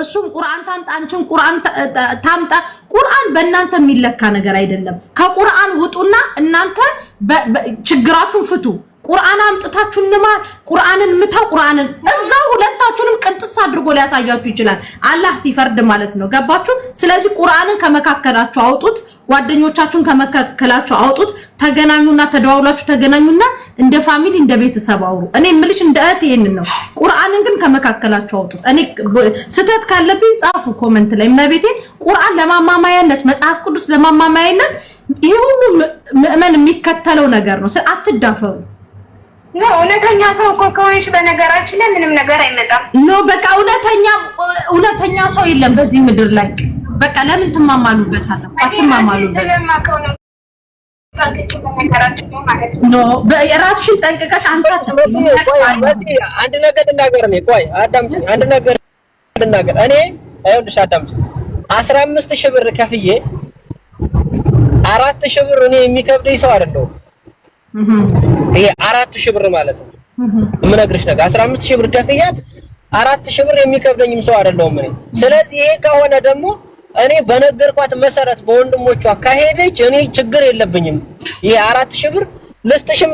እሱም ቁርአን ታምጣ፣ አንቺም ቁርአን ታምጣ። ቁርአን በእናንተ የሚለካ ነገር አይደለም። ከቁርአን ውጡና እናንተ ችግራችሁን ፍቱ። ቁርአን አምጥታችሁ ንማ ቁርአንን ምታው ቁርአንን እዛው ሁለታችሁንም ቅንጥስ አድርጎ ሊያሳያችሁ ይችላል፣ አላህ ሲፈርድ ማለት ነው። ገባችሁ? ስለዚህ ቁርአንን ከመካከላችሁ አውጡት፣ ጓደኞቻችሁን ከመካከላችሁ አውጡት። ተገናኙና ተደዋውላችሁ ተገናኙና እንደ ፋሚሊ እንደ ቤተሰብ አውሩ። እኔ ምልሽ እንደ እህት ይሄንን ነው። ቁርአንን ግን ከመካከላችሁ አውጡት። እኔ ስህተት ካለብኝ ጻፉ ኮመንት ላይ መቤቴ። ቁርአን ለማማማያነት መጽሐፍ ቅዱስ ለማማማያነት ይሄ ሁሉ ምዕመን የሚከተለው ነገር ነው። አትዳፈሩ። እውነተኛ ሰው እኮ ከሆነች በነገራችን ላይ ምንም ነገር አይመጣም። ኖ በቃ እውነተኛ እውነተኛ ሰው የለም በዚህ ምድር ላይ በቃ ለምን ትማማሉበት? አለ አትማማሉበት። ኖ ጠንቅቀሽ አንድ ነገር ልናገር እኔ ቆይ አዳምጪኝ። አንድ ነገር ልናገር እኔ አይወድሽ አዳምጪኝ። አስራ አምስት ሺህ ብር ከፍዬ አራት ሺህ ብር እኔ የሚከብደኝ ሰው አይደለሁም ይሄ አራት ሺህ ብር ማለት ነው የምነግርሽ ነገር አስራ አምስት ሺህ ብር ከፍያት አራት ሺህ ብር የሚከብደኝም ሰው አይደለሁም እኔ። ስለዚህ ይሄ ከሆነ ደግሞ እኔ በነገርኳት መሰረት በወንድሞቿ ከሄደች እኔ ችግር የለብኝም። ይሄ አራት ሺህ ብር ልስጥሽም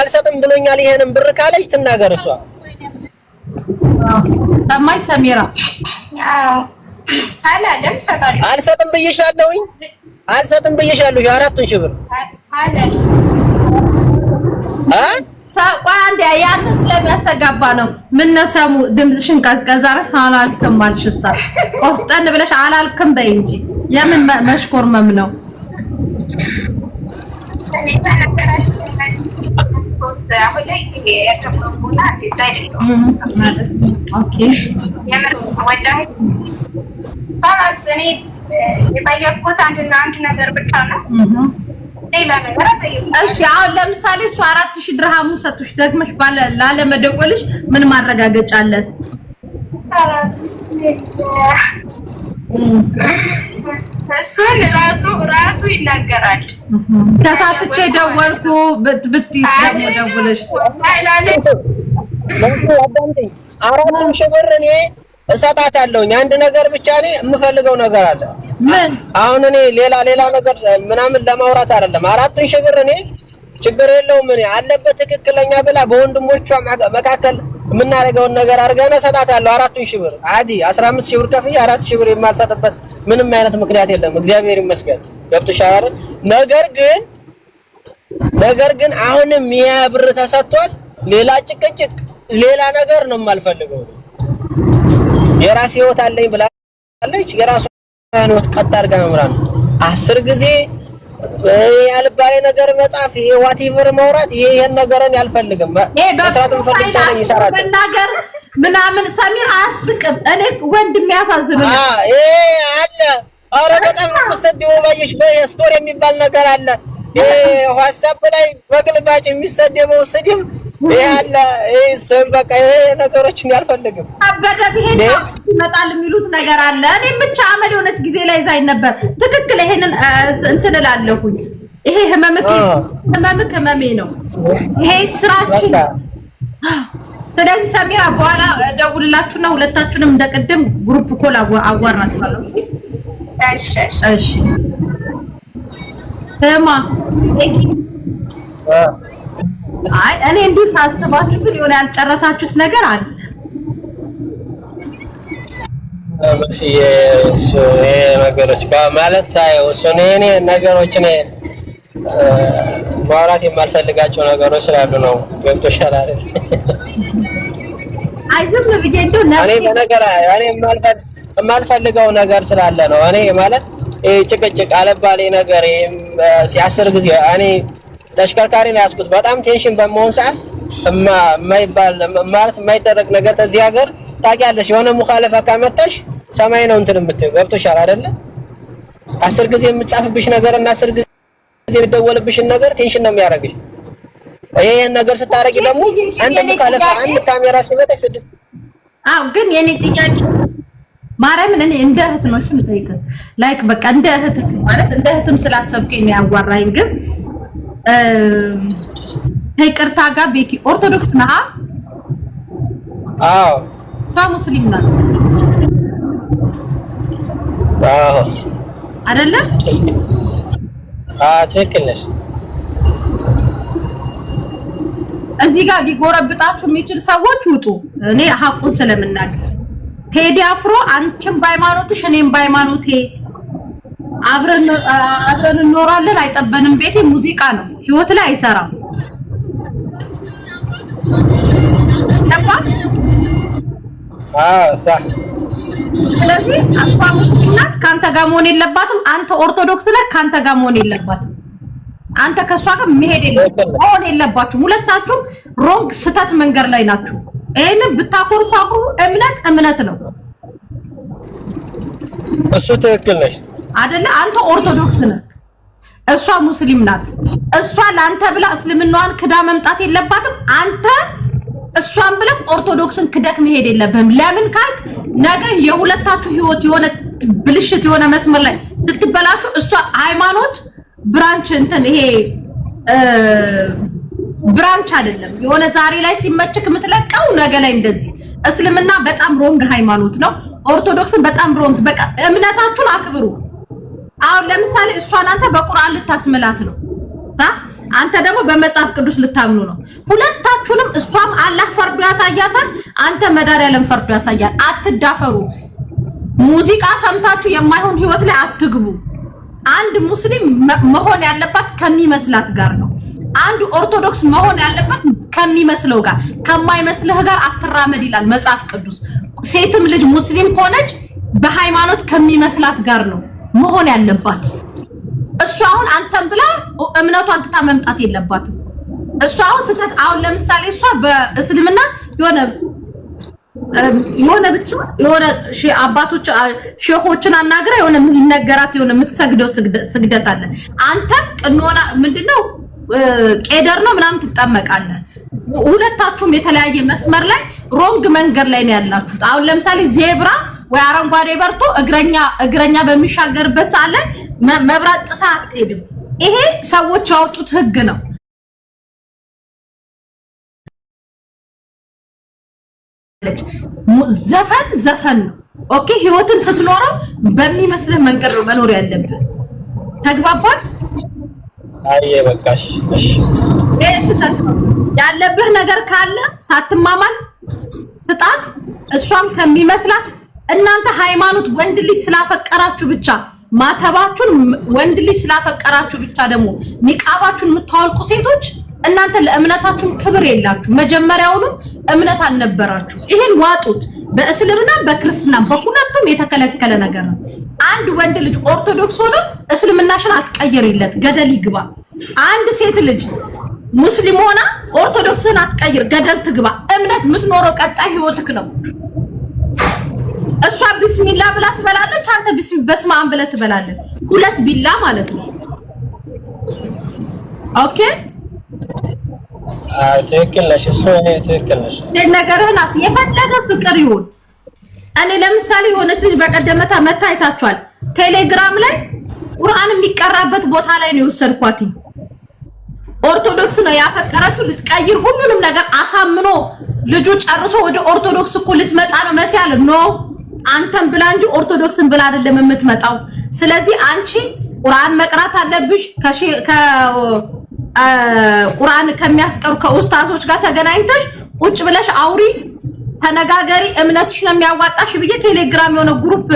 አልሰጥም ብሎኛል። ይሄንን ብር ካለች ትናገር እሷ። ሰሚራ? አልሰጥም ብዬሻለሁኝ፣ አልሰጥም ብዬሻለሁ አራቱን ሺህ ብር አንድ ያንተ ስለሚያስተጋባ ነው። ምነሰሙ ሰሙ ድምፅሽን ቀዝቀዝ አላልክም አልሽሳ? ቆፍጠን ብለሽ አላልክም በይ እንጂ የምን መሽኮርመም ነው? እኔ የጠየኩት አንድና አንድ ነገር ብቻ ነው። እሺ አሁን ለምሳሌ እሱ አራት ሺህ ድርሃሙ ሰጥቶሽ ደግመሽ ባለ ላለመደወልሽ ምን ማረጋገጫ አለን? እሱን ራሱ ራሱ ይናገራል። ተሳስቼ ደወልኩ ብትይዝ ደግሞ ደውለሽ እሰጣት እሰጣታለሁኝ። አንድ ነገር ብቻ እኔ የምፈልገው ነገር አለ። ምን አሁን እኔ ሌላ ሌላ ነገር ምናምን ለማውራት አይደለም። አራቱን ሺህ ብር እኔ ችግር የለውም እኔ አለበት ትክክለኛ ብላ በወንድሞቿ መካከል የምናደርገውን ነገር አድርገን እሰጣታለሁ። አራቱን ሺህ ብር አዲ አስራ አምስት ሺህ ብር ከፍዬ አራት ሺህ ብር የማልሰጥበት ምንም አይነት ምክንያት የለም። እግዚአብሔር ይመስገን። ገብቶሻል አይደል? ነገር ግን ነገር ግን አሁንም ያ ብር ተሰጥቷል። ሌላ ጭቅጭቅ፣ ሌላ ነገር ነው የማልፈልገው የራስ ህይወት አለኝ ብላለች። የራሷን ህይወት ቀጥ አድርጋ መምራት ነው። አስር ጊዜ ያልባሌ ነገር መጻፍ፣ ይሄ ዋቲቨር መውራት ይሄ ይሄን ነገርን ያልፈልግም። መስራት ፈልግ ሰው ይሰራል ነገር ምናምን ሰሚር አያስቅም። እኔ ወንድም ያሳዝብኝ አለ። አረ በጣም ነው የምትሰድበው። ባየሽ ስቶሪ የሚባል ነገር አለ ዋትሳፕ ላይ በግልባጭ የሚሰደበው ስድብ ያለ ስም በቃ ይሄ ነገሮችን አልፈልግም። አበደ ብሄድ ይመጣል የሚሉት ነገር አለ። እኔም ብቻ አመድ የሆነች ጊዜ ላይ ዛይ ነበር። ትክክል ይሄንን እንትን እላለሁኝ። ይሄ ህመምክ ህመምክ ህመሜ ነው። ይሄ ስራችን። ስለዚህ ሰሚራ በኋላ ደውልላችሁና ሁለታችሁንም እንደቅድም ግሩፕ ኮል አዋራችኋለሁ። እሺ እሺ። ተማ አይ እኔ እንዲሁ ሳስባችሁ ግን የሆነ ያልጨረሳችሁት ነገር አለ። ነገሮች ማለት እኔ ነገሮች ማውራት የማልፈልጋቸው ነገሮች ስላሉ ነው። ገብቶሻል አይደል? አይ ዝም ብዬ እንደው የማልፈልገው ነገር ስላለ ነው። እኔ ማለት ጭቅጭቅ አለባሌ ነገር አስር ጊዜ እኔ ተሽከርካሪ ነው ያዝኩት። በጣም ቴንሽን በመሆን ሰዓት የማይባል ማለት የማይደረግ ነገር ተዚህ ሀገር ታውቂያለሽ፣ የሆነ ሙኻለፋ ካመጣሽ ሰማይ ነው እንትን የምትይው ገብቶሻል አይደለ? አስር ጊዜ የምጻፍብሽ ነገር እና አስር ጊዜ የሚደወልብሽን ነገር ቴንሽን ነው የሚያደርግሽ። ይሄን ነገር ስታረቂ ደግሞ አንድ ሙኻለፋ አንድ ካሜራ ሲመጣሽ ስድስት አው ግን የኔ ጥያቄ ማርያምን እኔ እንደ እህት ነው እሺ የምጠይቅህ ላይክ በቃ እንደ እህት ማለት እንደ እህትም ስላሰብከኝ ያዋራኝ ግን ከይቅርታ ጋር ቤኪ ኦርቶዶክስ ነሃ አዎ። ሙስሊም ናት? አዎ። አይደለም? አዎ፣ ትክክል ነሽ። እዚህ ጋር ሊጎረብጣችሁ የሚችል ሰዎች ውጡ። እኔ ሀቁን ስለምናገር ቴዲ አፍሮ አንቺም በሃይማኖትሽ እኔም በሃይማኖቴ አብረን እንኖራለን አይጠበንም። ቤቴ ሙዚቃ ነው፣ ህይወት ላይ አይሰራም። ስለዚህ እሷ ሙስሊም ናት፣ ከአንተ ጋር መሆን የለባትም። አንተ ኦርቶዶክስ ነህ፣ ከአንተ ጋር መሆን የለባትም። አንተ ከእሷ ጋር መሄድ የለባትም፣ መሆን የለባችሁም። ሁለታችሁም ሮንግ ስተት መንገድ ላይ ናችሁ። ይህንን ብታኮርሱ አኩሩ። እምነት እምነት ነው። እሱ ትክክል ነሽ። አደለ? አንተ ኦርቶዶክስ ነህ፣ እሷ ሙስሊም ናት። እሷ ለአንተ ብላ እስልምናዋን ክዳ መምጣት የለባትም። አንተ እሷን ብለህ ኦርቶዶክስን ክደክ መሄድ የለብህም። ለምን ካልክ ነገ የሁለታችሁ ህይወት የሆነ ብልሽት የሆነ መስመር ላይ ስትበላችሁ እሷ ሃይማኖት ብራንች እንትን ይሄ ብራንች አይደለም። የሆነ ዛሬ ላይ ሲመችክ የምትለቀው ነገ ላይ እንደዚህ። እስልምና በጣም ሮንግ ሃይማኖት ነው። ኦርቶዶክስን በጣም ሮንግ። በቃ እምነታችሁን አክብሩ። አሁን ለምሳሌ እሷን አንተ በቁርአን ልታስምላት ነው፣ አንተ ደግሞ በመጽሐፍ ቅዱስ ልታምኑ ነው። ሁለታችሁንም እሷም አላህ ፈርዶ ያሳያታል፣ አንተ መድኃኒዓለም ፈርዶ ያሳያል። አትዳፈሩ። ሙዚቃ ሰምታችሁ የማይሆን ህይወት ላይ አትግቡ። አንድ ሙስሊም መሆን ያለባት ከሚመስላት ጋር ነው። አንድ ኦርቶዶክስ መሆን ያለበት ከሚመስለው ጋር ከማይመስልህ ጋር አትራመድ ይላል መጽሐፍ ቅዱስ። ሴትም ልጅ ሙስሊም ከሆነች በሃይማኖት ከሚመስላት ጋር ነው መሆን ያለባት። እሷ አሁን አንተን ብላ እምነቷን ትታ መምጣት የለባትም። እሷ አሁን ስህተት አሁን ለምሳሌ እሷ በእስልምና የሆነ የሆነ ብቻ የሆነ አባቶች ሼሆችን አናግራ የሆነ ይነገራት የሆነ የምትሰግደው ስግደት አለ። አንተ ቅንሆና ምንድነው ቄደር ነው ምናምን ትጠመቃለህ። ሁለታችሁም የተለያየ መስመር ላይ ሮንግ መንገድ ላይ ነው ያላችሁት። አሁን ለምሳሌ ዜብራ ወይ አረንጓዴ በርቶ እግረኛ እግረኛ በሚሻገርበት ሰዓት ላይ መብራት ጥሳ አትሄድም። ይሄ ሰዎች ያወጡት ህግ ነው። ዘፈን ዘፈን ነው። ኦኬ ህይወትን ስትኖረው በሚመስልህ መንገድ ነው መኖር ያለብህ። ተግባባን? አይ በቃሽ። እሺ ያለብህ ነገር ካለ ሳትማማን ስጣት፣ እሷም ከሚመስላት እናንተ ሃይማኖት ወንድ ልጅ ስላፈቀራችሁ ብቻ ማተባችሁን ወንድ ልጅ ስላፈቀራችሁ ብቻ ደግሞ ኒቃባችሁን የምታወልቁ ሴቶች እናንተ ለእምነታችሁ ክብር የላችሁ። መጀመሪያውንም እምነት አልነበራችሁ። ይሄን ዋጡት። በእስልምና በክርስትና በሁለቱም የተከለከለ ነገር ነው። አንድ ወንድ ልጅ ኦርቶዶክስ ሆኖ እስልምናሽን አትቀይርለት፣ ገደል ይግባ። አንድ ሴት ልጅ ሙስሊም ሆና ኦርቶዶክስን አትቀይር፣ ገደል ትግባ። እምነት የምትኖረው ቀጣይ ህይወትክ ነው። እሷ ቢስሚላ ብላ ትበላለች፣ አንተ በስመ አብ ብለህ ትበላለህ። ሁለት ቢላ ማለት ነው። ኦኬ ትክክል ነሽ። እሱ እኔ ትክክል ነሽ። ነገርህን አስ የፈለገ ፍቅር ይሁን። እኔ ለምሳሌ የሆነች ልጅ በቀደመታ መታ አይታችኋል። ቴሌግራም ላይ ቁርአን የሚቀራበት ቦታ ላይ ነው የወሰድኳት። ኦርቶዶክስ ነው ያፈቀረችው። ልትቀይር ሁሉንም ነገር አሳምኖ ልጁ ጨርሶ ወደ ኦርቶዶክስ እኮ ልትመጣ ነው መስያል ነው አንተን ብላ እንጂ ኦርቶዶክስን ብላ አይደለም የምትመጣው። ስለዚህ አንቺ ቁርአን መቅራት አለብሽ። ቁርአን ከሚያስቀሩ ከኡስታዞች ጋር ተገናኝተሽ ቁጭ ብለሽ አውሪ፣ ተነጋገሪ። እምነትሽ ነው የሚያዋጣሽ ብዬ ቴሌግራም የሆነ ግሩፕ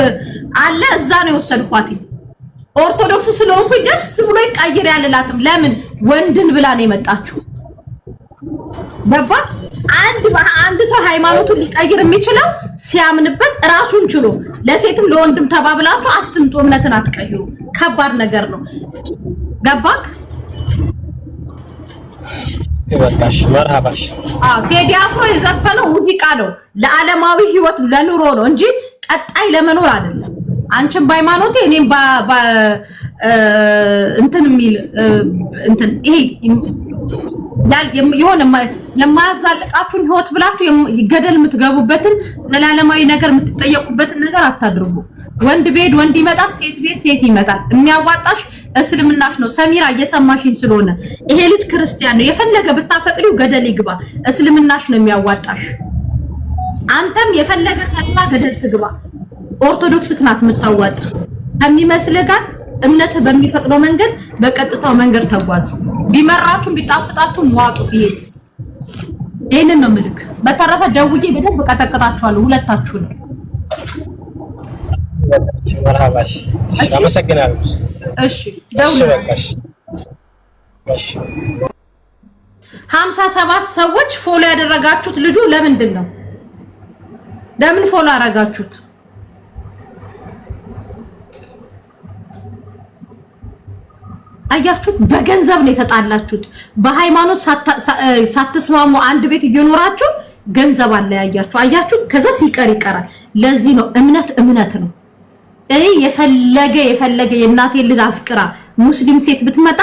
አለ፣ እዛ ነው የወሰድኳት። ኦርቶዶክስ ስለሆንኩ ደስ ብሎ ይቀይር ያልላትም። ለምን ወንድን ብላ ነው የመጣችሁ ገባ አንድ አንድ ሰው ሃይማኖቱን ሊቀይር የሚችለው ሲያምንበት ራሱን ችሎ፣ ለሴትም ለወንድም ተባብላችሁ አትምጡ። እምነትን አትቀይሩ። ከባድ ነገር ነው። ገባክ? ይበቃሽ። መርሃባሽ። አዎ ቴዲ አፍሮ የዘፈነው ሙዚቃ ነው። ለዓለማዊ ህይወት ለኑሮ ነው እንጂ ቀጣይ ለመኖር አይደለም። አንቺም በሃይማኖቴ እኔም እንትን የሚል እንትን ይሄ የሆነ የማያዛልቃችሁን ህይወት ብላችሁ ገደል የምትገቡበትን ዘላለማዊ ነገር የምትጠየቁበትን ነገር አታድርጉ። ወንድ ቤድ ወንድ ይመጣል፣ ሴት ቤድ ሴት ይመጣል። የሚያዋጣሽ እስልምናሽ ነው። ሰሚራ እየሰማሽኝ ስለሆነ ይሄ ልጅ ክርስቲያን ነው። የፈለገ ብታፈቅሪው ገደል ይግባ፣ እስልምናሽ ነው የሚያዋጣሽ። አንተም የፈለገ ሰሚራ ገደል ትግባ፣ ኦርቶዶክስ ክናት የምታዋጥ ከሚመስልህ ጋር እምነት በሚፈቅደው መንገድ በቀጥታው መንገድ ተጓዝ። ቢመራችሁም ቢጣፍጣችሁም ዋጡት። ይሄ ይህንን ነው ምልክ። በተረፈ ደውዬ በደንብ ቀጠቅጣችኋለሁ ሁለታችሁ ነው። ሀምሳ ሰባት ሰዎች ፎሎ ያደረጋችሁት ልጁ ለምንድን ነው? ለምን ፎሎ አደረጋችሁት? አያችሁት? በገንዘብ ነው የተጣላችሁት። በሃይማኖት ሳትስማሙ አንድ ቤት እየኖራችሁ ገንዘብ አለ ያያችሁ። አያችሁት? ከዛ ሲቀር ይቀራል። ለዚህ ነው እምነት እምነት ነው። የፈለገ የፈለገ የእናቴ ልጅ አፍቅራ ሙስሊም ሴት ብትመጣ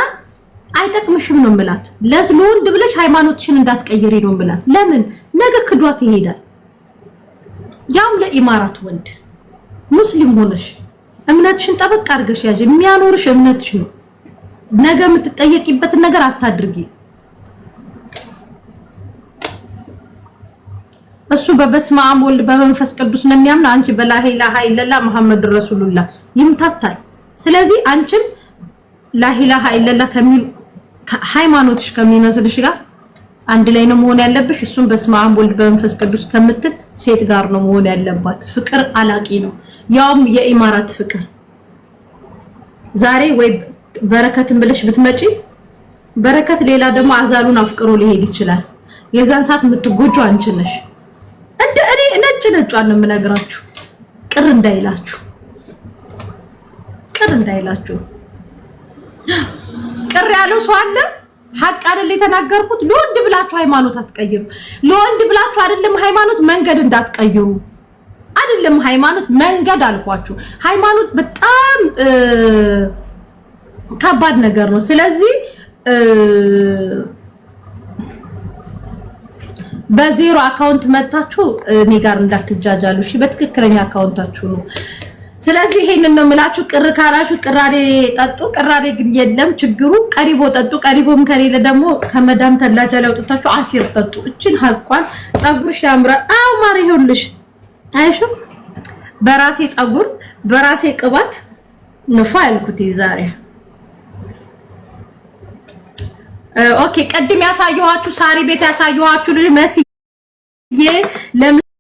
አይጠቅምሽም ነው ምላት። ለወንድ ብለሽ ሃይማኖትሽን እንዳትቀይሪ ነው ምላት። ለምን ነገ ክዷት ይሄዳል። ያም ለኢማራት ወንድ ሙስሊም ሆነሽ እምነትሽን ጠበቅ አድርገሽ ያዥ። የሚያኖርሽ እምነትሽ ነው። ነገ የምትጠየቂበትን ነገር አታድርጊ። እሱ በበስመ አብ ወልድ በመንፈስ ቅዱስ ነው የሚያምን። አንቺ በላ ኢላሃ ኢለላህ መሐመድ ረሱሉላ ይምታታል። ስለዚህ አንቺም ላ ኢላሃ ኢለላህ ሃይማኖትሽ ከሚመስልሽ ጋር አንድ ላይ ነው መሆን ያለብሽ። እሱም በስመ አብ ወልድ በመንፈስ ቅዱስ ከምትል ሴት ጋር ነው መሆን ያለባት። ፍቅር አላቂ ነው፣ ያውም የኢማራት ፍቅር ዛሬ ወይ በረከትን ብለሽ ብትመጪ በረከት ሌላ ደግሞ አዛሉን አፍቅሮ ሊሄድ ይችላል። የዛን ሰዓት የምትጎጁ አንቺ ነሽ። እንደ እኔ ነጭ ነጯን የምነግራችሁ ቅር እንዳይላችሁ፣ ቅር እንዳይላችሁ። ቅር ያለው ሰው አለ። ሀቅ አይደል የተናገርኩት። ለወንድ ብላችሁ ሃይማኖት አትቀይሩ። ለወንድ ብላችሁ አይደለም ሃይማኖት መንገድ እንዳትቀይሩ አይደለም ሃይማኖት መንገድ አልኳችሁ። ሃይማኖት በጣም ከባድ ነገር ነው። ስለዚህ በዜሮ አካውንት መታችሁ እኔ ጋር እንዳትጃጃሉ። እሺ፣ በትክክለኛ አካውንታችሁ ነው። ስለዚህ ይሄንን ነው የምላችሁ። ቅር ካላችሁ ቅራሬ ጠጡ። ቅራሬ ግን የለም ችግሩ። ቀሪቦ ጠጡ። ቀሪቦም ከሌለ ደግሞ ከመዳም ተላጃ ላይ አውጥታችሁ አሲር ጠጡ። እችን ሀዝቋን ፀጉርሽ ያምራል። አዎ ማሪ፣ ይሁንልሽ። አይሽም በራሴ ፀጉር በራሴ ቅባት ንፋ ያልኩት ዛሬ ኦኬ ቅድም ያሳየኋችሁ ሳሪ ቤት ያሳየኋችሁ ልጅ መስዬ ለምን